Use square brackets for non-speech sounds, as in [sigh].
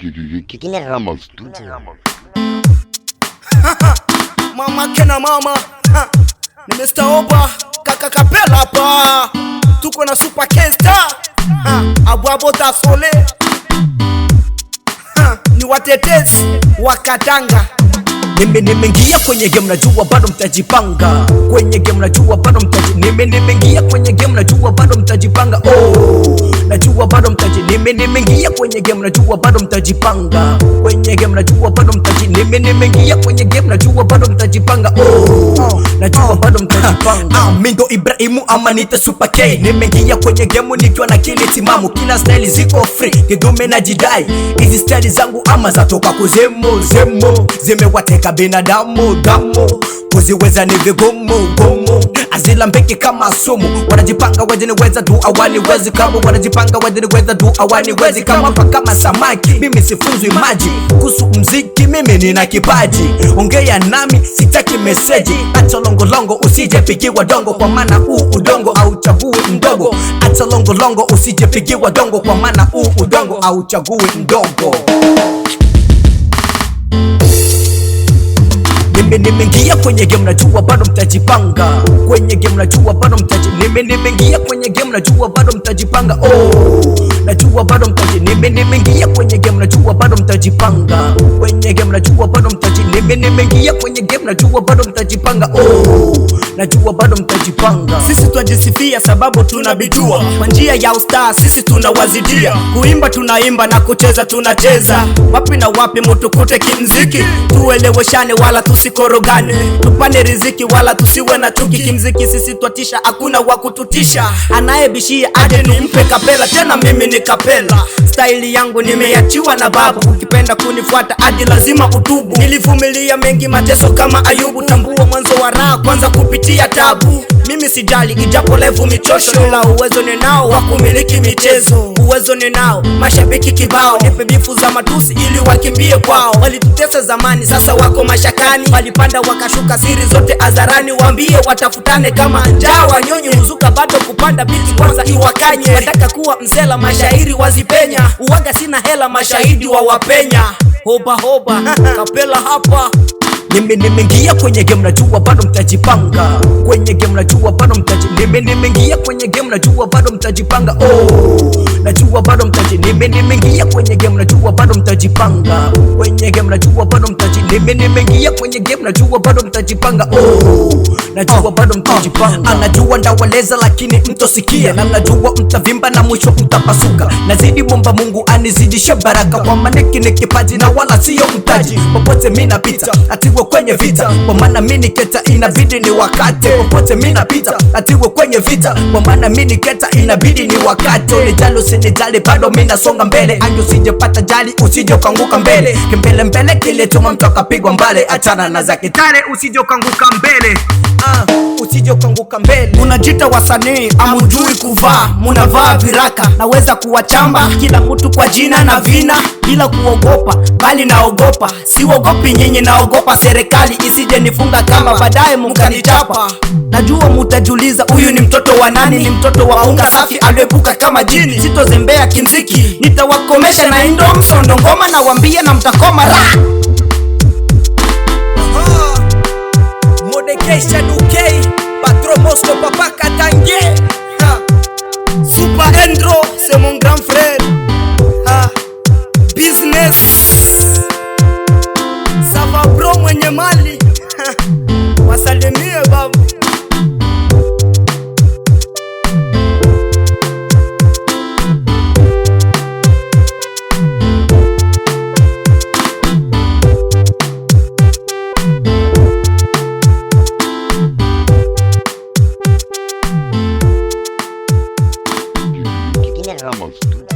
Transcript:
Kikile Ramos. Mama kena mama ni Mr. Oba kaka Kapela hapa, tuko na Super Kesta abwabo tasole ni watetezi wa Katanga. Nime nimeingia kwenye game najua bado mtajipanga, kwenye game najua bado mtaji, nime nimeingia kwenye game najua Nime nimeingia kwenye game najua bado mtajipanga kwenye game najua bado mtaji nime nimeingia kwenye game najua bado mtajipanga oh, najua bado mtajipanga ah, Mindo Ibrahimu ama nite Super K nimeingia kwenye game nikiwa na kile timamu kina style ziko free kidume na jidai hizi style zangu ama zatoka kuzemo zemo zimewateka binadamu damo hawaziweza ni vigumu gumu azilambiki kama sumu, wanajipanga wajiniweza tu awaniwezi kama wanajipanga wajiniweza tu awaniwezi kama pa kama samaki. Mimi sifunzwi maji kuhusu mziki, mimi nina kipaji. Ongea nami sitaki meseji, acha longolongo usijepigiwa dongo, kwa maana huu udongo au chagui mdogo. Acha longolongo usijepigiwa dongo, kwa maana huu udongo au chagui mdogo. kwenye game najua bado mtajipanga, kwenye game najua bado mtaji, nimeingia kwenye game najua bado mtajipanga, oh, najua bado mtaji, nimeingia kwenye game najua bado mtajipanga, kwenye game najua bado mtaji, nimeingia kwenye game najua bado mtajipanga oh, najua bado mtajipanga. Sisi twajisifia sababu tunabijua kwa njia ya ustaa, sisi tunawazidia kuimba, tunaimba na kucheza tunacheza. Wapi na wapi mutukute kimziki, tueleweshane wala tusikorogane, tupane riziki wala tusiwe na chuki. Kimziki sisi twatisha, hakuna wa kututisha, anayebishia aje nimpe kapela. Tena mimi ni kapela, staili yangu nimeachiwa na babu, Ukipenda kunifuata aje lazima utubu, nilivumilia mengi mateso kama Ayubu, tambuo mwanzo wa raha kwanza kupitia tabu. Mimi sijali ijapo levu michosho, la uwezo ninao wa kumiliki michezo, uwezo ninao mashabiki kibao, nipe bifu za matusi ili wakimbie kwao. Walitutesa zamani, sasa wako mashakani, walipanda wakashuka, siri zote hadharani, waambie watafutane kama njaa wanyonyo, huzuka bado kupanda biti kwanza iwakanye, wataka kuwa msela, mashairi wazipenya, uwaga sina hela, mashahidi wa wapenya, hoba hoba [laughs] kapela hapa nime nimeingia kwenye game na najua bado mtajipanga kwenye game na najua bado mtaji nime nimeingia kwenye game na najua bado mtajipanga oh na najua bado mtaji nime nimeingia kwenye game na najua bado mtajipanga kwenye game na najua bado mtaji mimi nimeingia kwenye game, najua bado mtajipanga. Oh, najua bado mtajipanga. Ah, ah, ah. Anajua ndawaleza lakini mtosikia, na najua mtavimba na mwisho mtapasuka. Nazidi bomba, Mungu anizidishe baraka, kwa maneki ni kipaji na wala sio mtaji. Popote mimi napita, atiwe kwenye vita, kwa maana mimi niketa inabidi ni wakate. Popote mimi napita, atiwe kwenye vita, kwa maana mimi niketa inabidi ni wakate. Unijali usinijali, bado mimi nasonga mbele, anjo sijepata jali, usije ukaanguka mbele, kimbele mbele kile choma mtoka ukapigwa mbale, achana na za usije kanguka mbele uh, ah, kanguka mbele. Unajita wasanii amujui kuvaa, munavaa viraka, naweza kuwachamba kila mtu kwa jina na vina bila kuogopa, bali naogopa, siogopi nyinyi, naogopa serikali isije nifunga kama baadaye mukanichapa. Najua mutajuliza huyu ni mtoto wa nani? Ni mtoto wa unga safi aliyebuka kama jini. Sitozembea kimziki, nitawakomesha na indo msondo ngoma, nawambia na mtakoma ra ah! Fornication UK Patro Mosco, papá Catangé Supa Andro, c'est mon grand frère animals